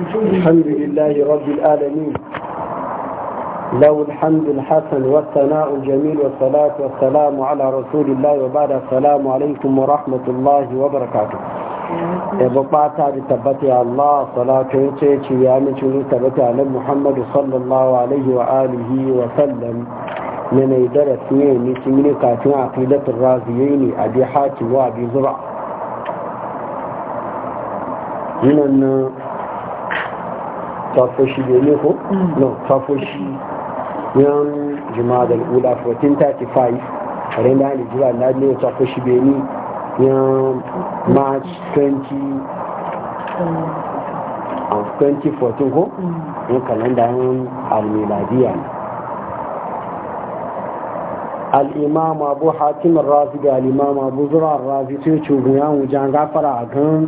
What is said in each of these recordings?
الحمد لله رب العالمين له الحمد الحسن والثناء الجميل والصلاة والسلام على رسول الله وبعد السلام عليكم ورحمة الله وبركاته يبقى تعالي تبتي على الله صلاة ويتيتي ويامي تعالي تبتي على محمد صلى الله عليه وآله وسلم من إدارة سنين من قاتل عقيدة الرازيين أبي حاتم وأبي زرع من safoshi ne ko no safoshi yan juma'a da ula 1435 ran da alijira na ne safoshi beni yan march 2014 ko yan kalanda almiladiya ne الإمام أبو حاتم الرازي الإمام أبو زرع الرازي سيشوف يا وجان a عن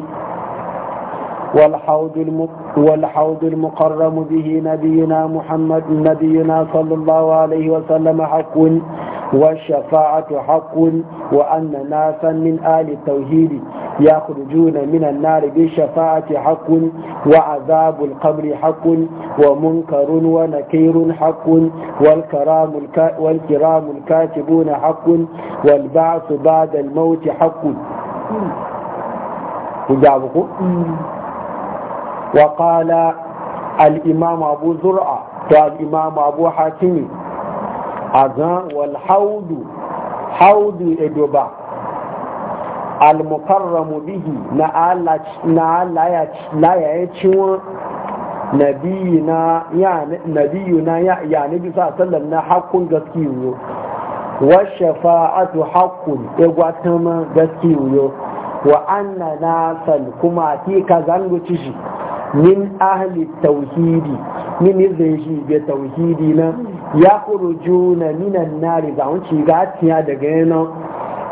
والحوض والحوض المقرم به نبينا محمد نبينا صلى الله عليه وسلم حق والشفاعة حق وأن ناسا من آل التوحيد يخرجون من النار بالشفاعة حق وعذاب القبر حق ومنكر ونكير حق والكرام, الكا والكرام الكاتبون حق والبعث بعد الموت حق وجابكم wa kala al’imam abu zura to al’imam abu hakimi a zan wal haudu haudu edo ba al-mukarramu bihi na alaya ya ci wọn na biyu na na hakun gaske yiwu wa shafa a tu hakun egwa tamar gaske wa an na nasar kuma a ti ka zango min ahli tauhidi min zai shi be tauhidi na ya kurujuna minan nari za wuce ga tiya daga yana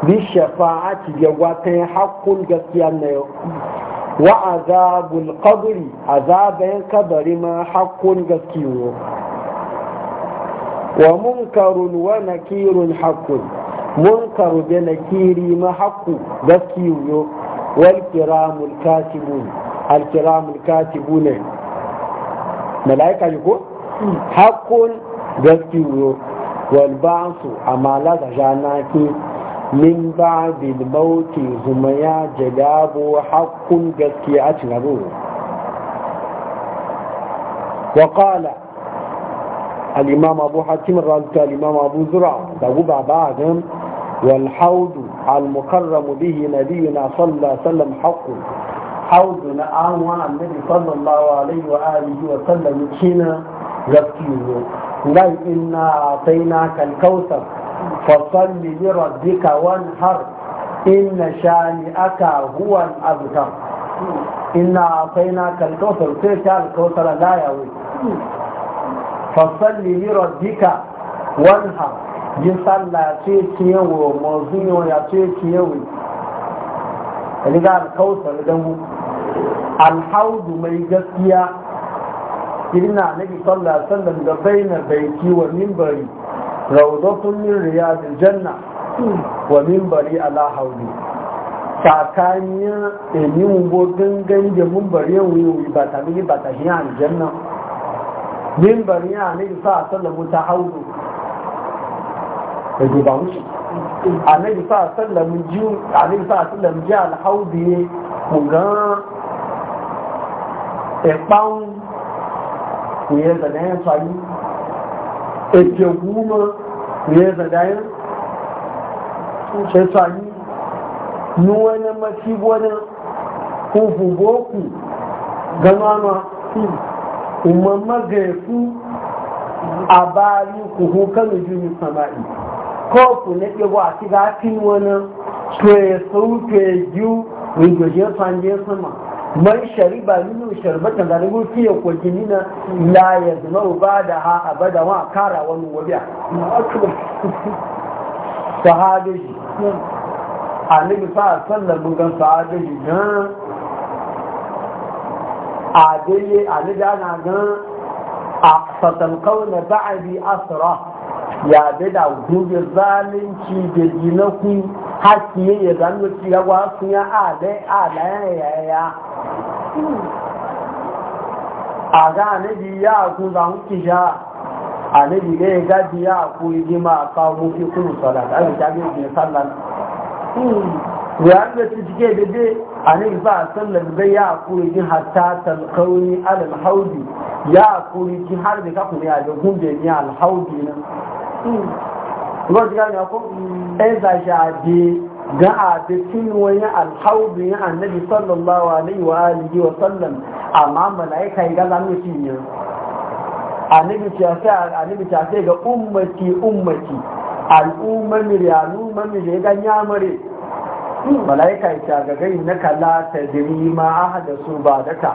bi shafa'ati ya wata ya hakkun gaskiya na yau wa azabul qabri kabari ma hakkun gaskiyo wa munkarun wa nakirun hakkun munkaru da nakiri ma hakku gaskiyo wal kiramul katibun الكرام الكاتبون ملائكة يقول حق جسيو والبعث أمالات جاناكي من بعد الموت زميا جلاب حق جزكيات نبوه وقال الإمام أبو حاتم رأيت الإمام أبو زرع دعوا بعد والحوض المكرم به نبينا صلى الله عليه وسلم حق haudu na an wa annabi sallallahu alaihi wa alihi wa sallam kina gaskiyo ngai inna ataina kal kautsar fasalli li rabbika wanhar inna shani'aka huwa al-abtar inna ataina kal kautsar sai ta al kautsar la yawi fasalli li rabbika wanhar ji sallah ce ciyewo mazuyo ya ce ciyewo wani ga alkawusar damu alhaudu mai gaskiya kirna na bi sallah sallam da bainar baiki wa mimbari rawdatun min riyadil janna wa mimbari ala hauli tsakanin emin gogin gange mimbari yan wuyi ba ta bi ba ta shi aljanna mimbari ya ne sa sallam ta haudu da ba mushi annabi sa sallam ji annabi sa sallam ji alhaudi mu ga ẹ̀páhùn kò yẹ zàdá yẹn tó ayé ẹ̀jẹ̀ wúmọ́ kò yẹ zàdá yẹn ṣe tó ayé níwọ̀n ẹ̀nà mẹ́tí wọ́nà kò fòbó kù gánánà kọ́ọ̀pù lẹ́gbẹ̀wọ́ àti bá kí wọn náà tó èso ń pè yú ìgbèjì fàndé sọ́mà man shariba nínú sharbatan da rigu fiye ko jini na la ya zama ba da ha abada wa kara wani wabiya sahabeji annabi sa sallar bugan sahabeji gan adeye annabi ana gan a fatalkau na ba'adi asra ya be da gobe zalunci da jinaku hakiye ya zanu ci ga wa sun ya a da a da ya ya a ga ne bi ya ku zan mu ki ja a ne bi ga ga bi ya ku ji ma ka mu ki ku da a ga bi ne sallan ya ga ci ke da dai a ne ba sallan da ya ku ji hatta talqauni al haudi ya kuri ki har da kaku ya a jogun da ni al haudi nan lọ́jọ́ ga a cikin wani alhaudu ya annabi sallallahu alaihi wa alihi wa sallam amma malaika ne annabi sai annabi sai ga ummati ummati al'umma miryanu mami ga nyamare malaika ya ga gai na kala ta ahada su ba daka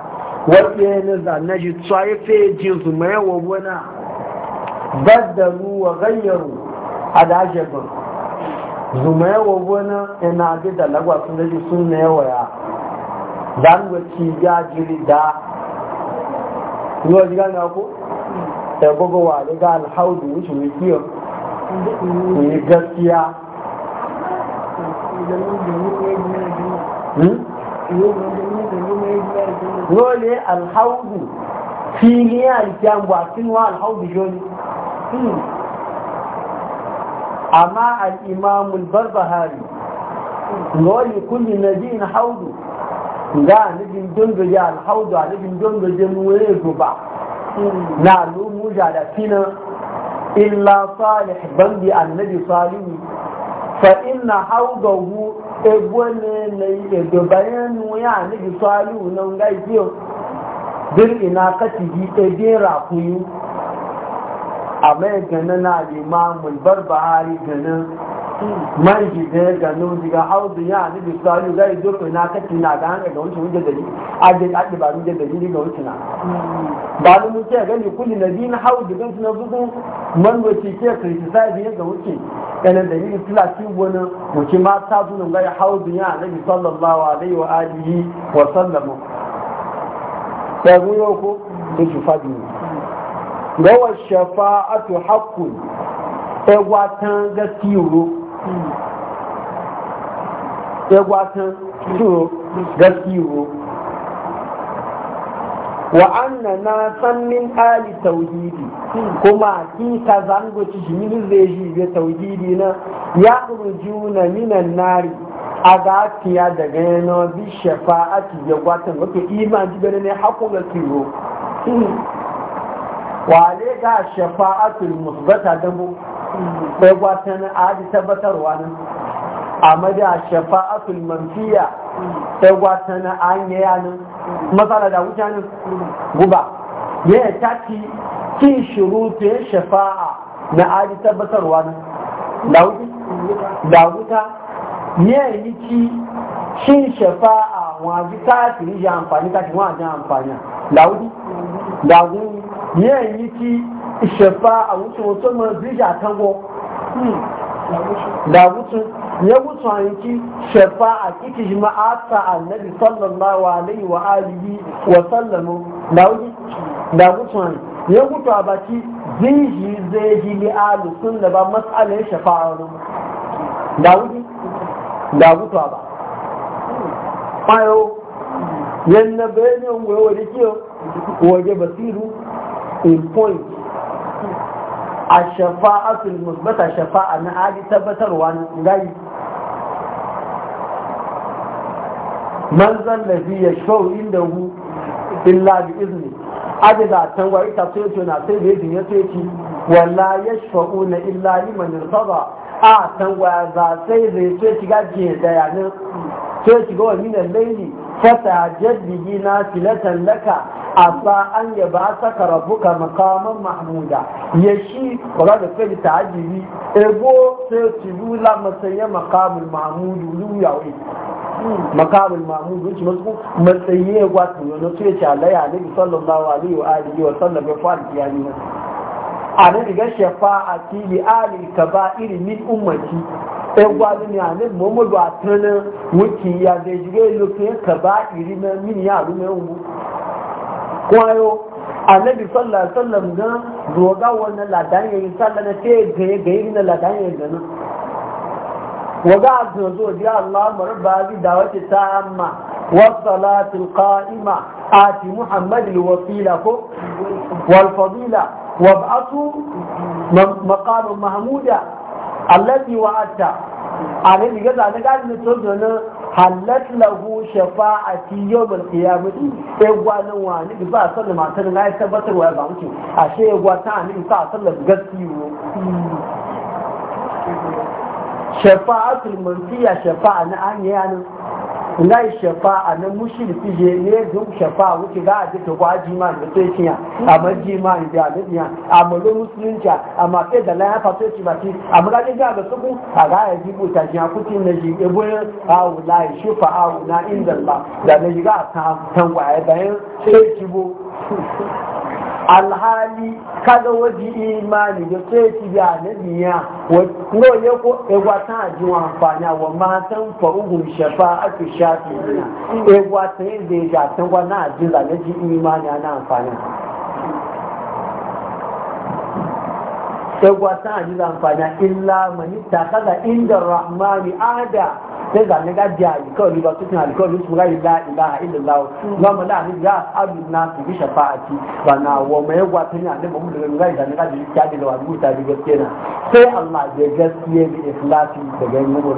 tsaye fe mai baddalu wa gayyaru a da ake gun zuma yawa gona ina bi da lagwa sun daji sun na yawa ya dan wacce ya jiri da yiwa ji gane ku da gogo wa da ga alhaudu wuce mai kiyo ku yi gaskiya Role hmm? alhaudu filiya alkyan ba sun wa alhaudu joni. amma al-imam al-barbahari wani kulli nabiyin haudu ga nabin dongoje al-haudu a nabin dongoje wani goba na lumu da fina illa salih bandi annabi salihu fa inna haudahu egwene na edo bayan ya annabi salihu nan ga biyo bil ina katihi edin rakuyu abai gani ganin na limamul barbahari gani man shi da gano diga haudu ya ni bi salu zai doka na kake na ga hanga ga wancan wajen da ni a ga ake ba wajen da ni ga wuce na ba ni mun ce gani kulli nabi na haudu gan suna bugu man wace ke criticize ya ga wuce kana da ni tula ci wani wace ma ta zuwa ga haudu ya nabi sallallahu alaihi wa alihi wa sallam sai guyo ko sai ki fadi gawa shafa'atu haqqun egwatan gaskiyoro egwatan kiro gaskiyoro wa anna na san min ali tauhidi kuma ki ka zango ci shi min zai shi ga tauhidi na ya rujuna minan nari a ga tiya daga yana bi shafa'ati ya gwatan wato iman ji ne hakun gaskiyoro wale ga shafa'atul musbata da mu sai gwata na adi tabbatarwa nan amma da shafa'atul manfiya sai gwata na an yaya nan matsala da wuta nan guba ya ta ci ki shurutun shafa'a na adi tabbatarwa nan da wuta ya yi ki shin shafa'a wajen kafin ya amfani kafin wajen amfani da wuta da wuta yẹn yìí ti ìṣẹ̀fà àwùjọ tó mọ bíjà tánwọ́ dàwùtù hmm. a àyíkí ṣẹ̀fà àkíkì jìmá àtà ànẹ́bì sallallahu alaihi wa alihi wa sallamu dàwùtù àyí yẹwùtù àbàkí zíyì zéyì ní alùsùn da ba matsalẹ̀ ṣẹ̀fà ọ̀rọ̀ a ba. páyọ̀ yẹn na bẹ́ẹ̀ ni òun wẹ̀ wẹ̀ in point a shafa'atul musbata shafa'a na ali tabbatarwa na gayi man zan lafi ya shau inda hu illa bi izini. aje da tangwa ita to yato na sai da ya to yaci ya shafa'u na illa liman saba a tangwa za sai da ya yaci ga je da ya ne to yaci ga wani da laili fata jaddi na filatan laka asa an ya ba saka rabuka makaman mahmuda ya shi ba da kai ta ajiyi ego sai ci lula matsayin makamin mahmudu luyawai makamin mahmudu ci masu matsayi ya gwata yana su ya ce alaya ne sallallahu alaihi wa alihi wa sallam ya fara kiyani na a ne diga shafa a fili ali ka ba iri min umarci ya gwata ne a ne muhammadu a tanar wuki ya zai jiga ya lokacin ka ba iri na min ya rume umu kwayo annabi sallallahu alaihi wasallam ga roga wannan ladan yayi sallana ce ga ga yin ladan yayi ga nan waga azu zo ya Allah marba bi dawati ta amma wa salatul qa'ima ati muhammad al wasila ko wal fadila wab'atu maqam mahmuda alladhi wa'ata alladhi ga da ne to na halat lahu shafa'ati yawmal qiyamati sai gwanin wani da ba sallar matar na ya tabbatar wa ba muke ashe ya gwata a nufi sa sallar gaskiyo shafa'atul mansiya shafa'a na an yi nga shafa'a shafa a da mushirki je ne duk shafa wuce ga a jita kwa jima da sai kiya a majima da alibiya a malo musulunci a mafi da laya fato ci mafi a mulajin ga ga suku a ga ya jibu ta a kuti na ji ebo awu wula ya shufa awu na inda ba da na yi ga a kan kwaye bayan sai alhali kaga waji imani da sai ci da nabiya wa ya ko egwa ta ji wa amfani wa ma san fa ugun shafa'atu shafi'ina egwa ta yin da ya ga tan wa na ji da ji imani ana amfani egwa ta a ji amfani illa mani ta kaza inda rahmani ada sai ga ne gaji alkawari ba su tun alkawari su ga illa ilaha illallah ga mu la ni ga abdu na su bi shafa'ati ba na wa mai egwa ta ni a nan mu da ga ne gaji ta da wa ta bi gaskiya na sai Allah ya gaskiya bi ikhlasi da ga mu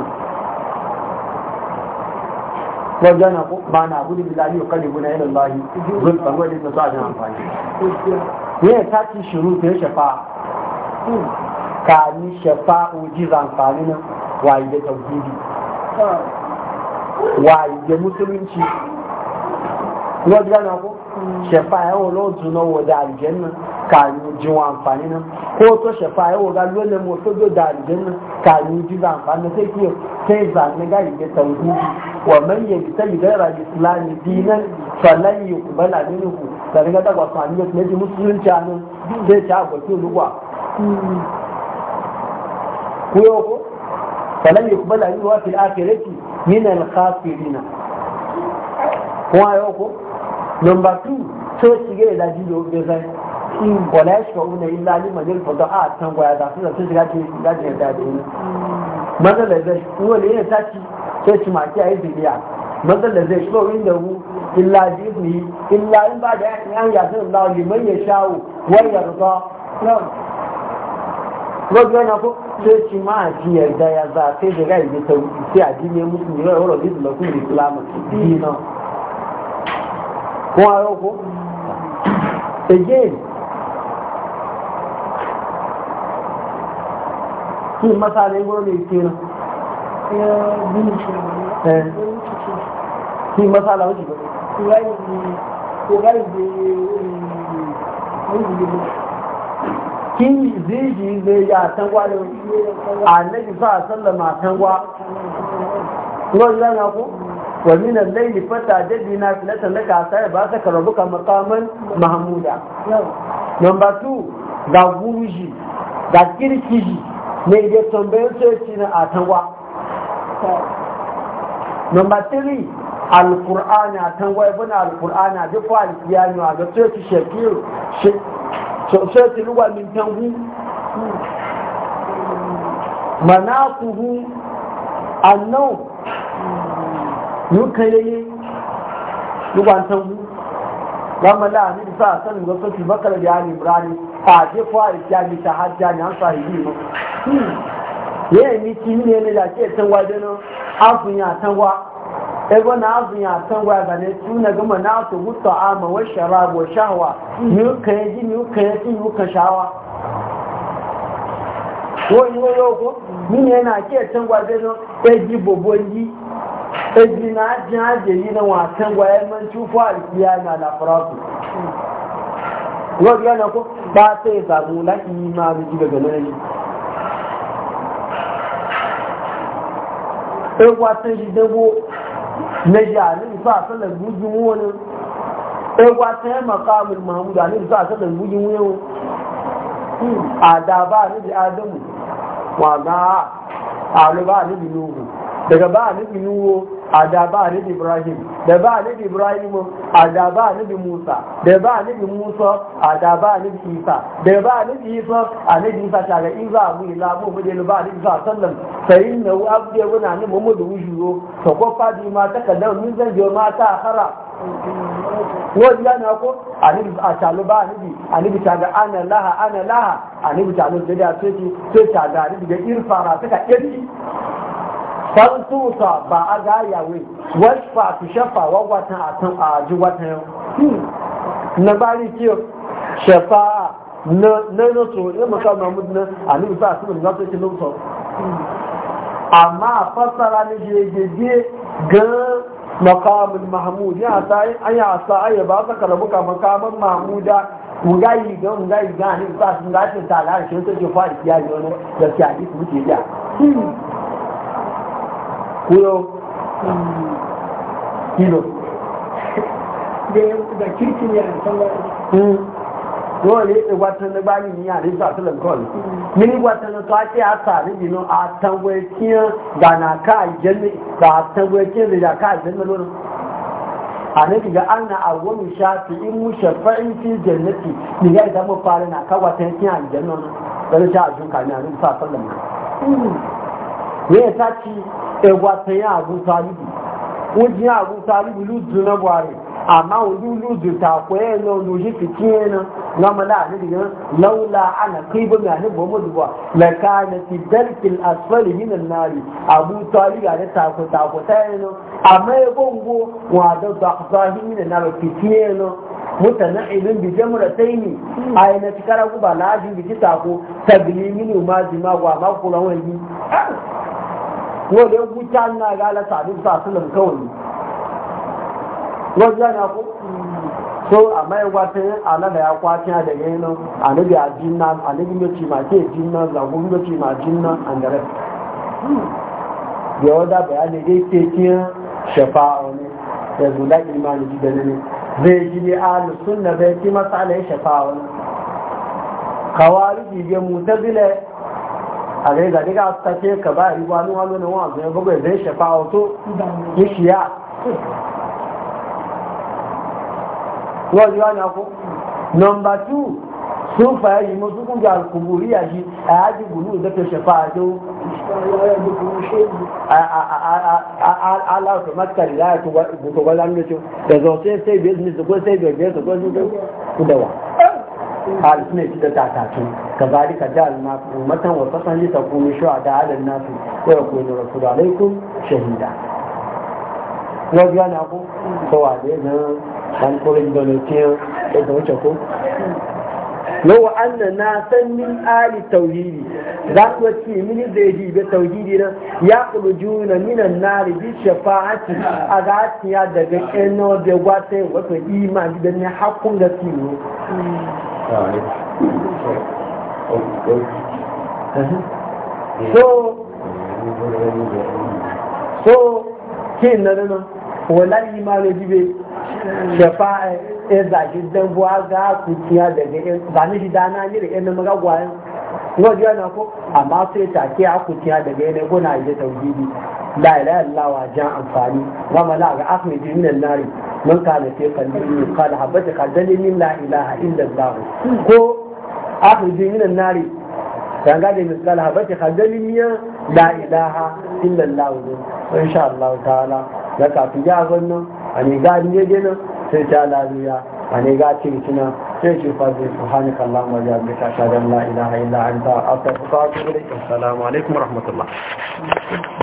wajen ba na gudu da zai kare guna yanar lahi zulfan wajen da sa amfani ne ta ci shiru ta ya shafa ka ni shafa'u ji zamfani nan wayi da tauhidi wayi da musulunci wọ́n jẹ́ náà kó na ẹ̀wọ̀n lóòtù náà wò dá àlùjẹ́ náà kààyè jíwọ̀n àǹfààní náà kó tó ṣẹ̀fà ẹ̀wọ̀n ga lónìí mo tó gbé dá àlùjẹ́ náà kààyè jíwọ̀n àǹfààní tó kí o ṣe ìzànigá ìgbésẹ̀ òhun ومن يجتهد غير الاسلام دينا فلن يقبل منه daga daga wasu hanyar na ji musulunci a nan zai ci abokin ruwa kuyo ko falan yuqbala min wa fil akhirati min al Kuma kuyo ko number 2 so shige da jido da sai in wala yashfa'una illa liman yalfada'a tan gwaya da su su shiga cikin dajin da dai matsalar da shi ne yana tashi sai shi maki a yi zuriya matsalar da shi ba hu illa illa in ba da ya liman ya yarda lọ́jọ́ ẹ̀nà kó ṣé ti máa di ẹ̀dá ya za ṣé ìṣẹ̀gá ìgbé àdínní mùsùlùmí rẹ̀ ọ̀rọ̀ bí ìlọ fún ìsìlámù bíi náà. fún ara kí n lè náà. kí n kin ziji zai ya tangwa da annabi sa sallama tangwa ruwan zana ku wa min al-layli fata laka sai ba ka maqaman mahmuda number 2 ga guruji ga kirkiji ne da tambayar sai na a tangwa number 3 al-qur'ana tangwa ibn al-qur'ana al ga sọ̀tọ́ ti lúwà hmm. ní tangu manakuhu annan nuka yayi lúwà tangu gama la ni sa sanin ga soki bakar da yani burani a je fara kyani ta hajja ni an sahibi mu yayi ni kin ne ne da ke tanwa dano afun ya tanwa ego na azun ya san wa ga ne tuna gama na su gutu ama wa sharab wa shahwa ni ka yaji ni ka yaji ni ka shawa wani wani ko ni ne na ke san wa zai no eji bobo yi eji na ajin ajeli na wa san wa ya man tufa alkiya na da faratu wani yana ko ba sai zamu la imani ji daga nan ewa tan ji dago na ji alim sa sallar gujin wani ɗaya ta yi makamun mahamudu alim sa sallar gujin wani a da ba ni da adamu wa ga alu ba ni da nuhu daga ba ni da nuhu a da ba ni da ibrahim da ba nabi ibrahim a da ba nabi musa da ba nabi musa a da ba nabi isa da ba nabi isa a nabi isa ta ga in za a mu ila mu mujel ba nabi isa sallam sai inna wa abdi wa na mu mudu wujuro to ko fadi ma ta kadan min zan je ma ta ko a akhara a talu ba kó a àníbi ta ga ana laha ana laha a láha àníbi da jẹ́dá sai ta ga àníbi da irfara tó ka ƙirki fantusa ba a ga yawe wasfa ku shafa wagwatan a kan a ji watan yau hmm. na bari kiyo shafa na na so ne musa mahmud na alibu sa su na so kilo so amma fassara ne je je je ga maqamul mahmud ya sai an ya sai ya ba ka karabu ka maqamul mahmuda ngai ga yi ga ni sa sun ga ta la shi to je fa ya yo ne da a yi ku hmm. ya kuyo kilo da kirkin ya hmm. ne hmm. lè ìwàtàn nígbà yìí ní àríṣà tó lè kọ́ ní. mi ní ìwàtàn ní tó àti àtàrí yìí a àtàwọn da na gbànà káàjẹ́ ní àtàwọn ẹkí hàn lèyà káàjẹ́ ní lónìí. àníbi ga an na àwọn ìṣàfi ìmú ṣẹfẹ́ ìfi jẹ̀nẹ́tì nígbà ìdámọ̀ parí na káwàtà ẹkí hàn na, náà pẹ̀lú ṣáàjú kàní a tó lè kọ́. ne ya saci egwatan ya abu talibu wajen ya abu talibu ludu na buhari amma wani ludu ta kwaye na luji fiti yana na mala ne daga laula ana kaiba ga ne ba mudu ba la kana fi dalkil asfali min an-nari abu talibu da ta ko ta ko ta yana amma ya gongo wa da da zahi min an-nari fiti yana mutana'ibin bi jamrataini ayna tikara ba laji bi ta kitako tabli min ma jima wa ma kula wani wanda ya wuta na ga ala sadin sa sunan kawai wanda ya ko so amma ya wata ala da ya kwaci da yana anabi a jin jinna anabi ne ci ma ke jinna zago ne ci ma jinna an da rai ya wada bayani dai ke kiyan shafa'a ne ya zula imani ji da ne zai ji ne ahlus sunna zai ki masala shafa'a ne kawari ji ga mutazila a gai ga diga ta ce ka ba yi ba nuwa nuna wa zai bugai zai shafa wato ya shiya wọ́n yóò yàn kó nọmba tú sófà yìí mo tún kún jà kùbùrí àyè àyájú bùnú ìdẹ́tẹ̀ ṣẹ̀fà àjọ aláwọ̀ mẹ́tàlélá ètò wọlé àmì lẹ́tọ́ ẹ̀zọ́ ṣe é ṣe ìbí ẹ̀sìn ìsìnkú ṣe ìbí ẹ̀gbẹ́ ìsìnkú ṣe ahli sunna ita ta tafi kazalika ja'alna ummatan a litakunu shuhada 'ala an-nas wa yakunu rasulu 'alaykum shahida lọ́jọ́ àná kó sọ wà da gan-an wọn kó lè dọ̀nà tí ó ẹ̀dọ̀ ọ̀chọ̀kọ́ yau anna na san min ali tauhidi za ku ci mini da yi be tauhidi na ya kulu juna minan nari bi shafa'ati a ga tiya daga eno da gwate wato imani da ne hakkun da tiro so so kí n nana na wọ́n láyé máa lọ jíbe ṣẹ̀fà ẹ̀ zàṣì dẹ́nbó ága kùtì àdẹ̀gẹ̀ bàmí ti dáná ní rẹ̀ ẹnu mọ́gá wà ẹ̀ wọ́n jẹ́ ọ̀nà kó àmà tó ẹ̀ tàkí àkùtì àdẹ̀gẹ̀ ẹ̀ kó náà ìjẹ́ tàwọn jíbi wa jan amfani wọ́n máa láàgà áfìmẹ̀jì nílẹ̀ náà rẹ̀ mun kana ke kallin ne la'ilaha habbata ka dalili la ilaha illa allah ko akhir jinin nari dan ga dai misal habbata ka dalili la ilaha illa allah in sha allah ta'ala da ka fi ya gannu ani ga ni je sai ta lafiya ani ga ci kina sai ci fazi subhanak allah wa bihamdika ashhadu an la ilaha illa anta astaghfiruka wa assalamu wa rahmatullah